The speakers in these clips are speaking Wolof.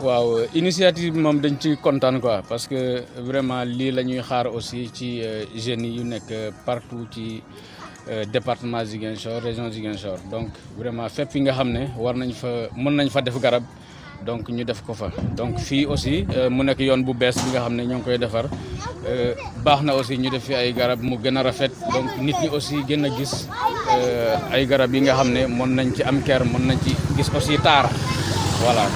waaw initiative bi moom dañ ci kontaan quoi parce que vraiment lii la ñuy xaar aussi ci euh, jeunes yu nekk euh, partout ci euh, département Ziguinchor région Ziguinchor donc vraiment fépp fi nga xam ne war nañ fa mën nañ fa def garab donc ñu def ko fa donc fii aussi mu nekk yoon bu bees bi nga xam ne ñoo ngi koy defar baax na aussi ñu def fi ay garab mu gën a rafet donc nit ñi aussi gën a gis ay garab yi nga xam ne mën nañ ci am ker mën nañ ci gis aussi taar voilà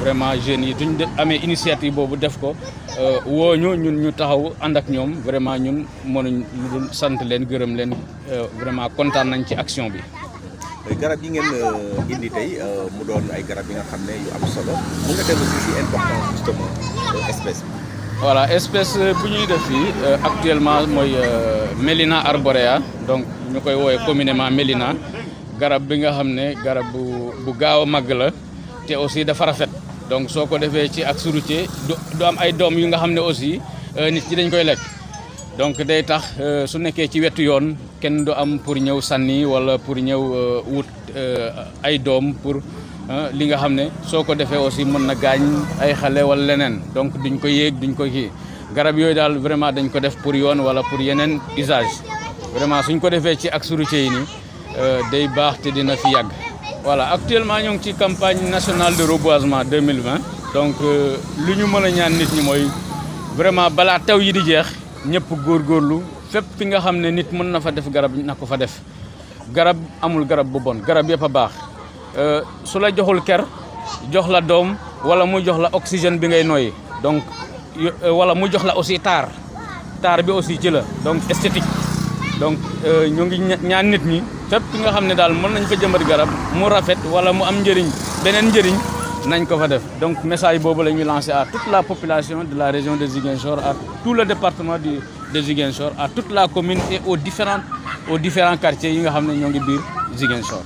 vraiment jeunes yi duñ amee initiative boobu def ko euh, woo ñu ñun ñu taxaw ànd ak ñoom vraiment ñun mënuñ lu sant leen gërëm leen euh, vraiment kontaan nañ ci action bi. Euh, garab yi ngeen indi tey mu doon ay garab yi nga xam ne yu am solo mu nga dellu si si voilà espèce bu ñuy def fii actuellement mooy Melina arborea donc ñu koy woowee communément Melina garab bi nga xam ne garab bu bu gaaw a màgg la te aussi dafa rafet. donc soo ko defee ci ak routier du am ay doom yu nga xam ne aussi euh, nit ñi dañ koy lekk donc day tax euh, su nekkee ci wetu yoon kenn du am pour ñëw sànni wala pour ñëw euh, wut ay doom pour li nga xam ne soo ko defee aussi mën na gaañ ay xale wala leneen donc duñ ko yéeg duñ ko kii garab yooyu daal vraiment dañ ko def pour yoon wala pour yeneen usage vraiment suñ ko defee ci ak routier yi nii day baax te dina fi yàgg. voilà actuellement ñoo ngi ci campagne nationale de reboisement 2020 donc euh, lu ñu mën a ñaan nit ñi mooy vraiment balaa taw yi di jeex ñëpp góorlu fépp fi nga xam ne nit mën na fa def garab na ko fa def garab amul garab bu bon garab yëpp a baax euh, su la joxul ker jox la doom wala mu jox la oxygène bi ngay noyyi donc euh, wala mu jox la aussi taar taar bi aussi ci la donc esthétique donc euh, ñoo ngi ñaan nit ñi fépp nga xam ne daal mën nañ fa jëmbat garab mu rafet wala mu am njëriñ beneen njëriñ nañ ko fa def donc message boobu la ñuy lancé à toute la population de la région de Ziguinchor à tout le département du de à toute la commune et aux différents aux différents quartiers yi nga xam ne ñoo ngi biir Ziguinchor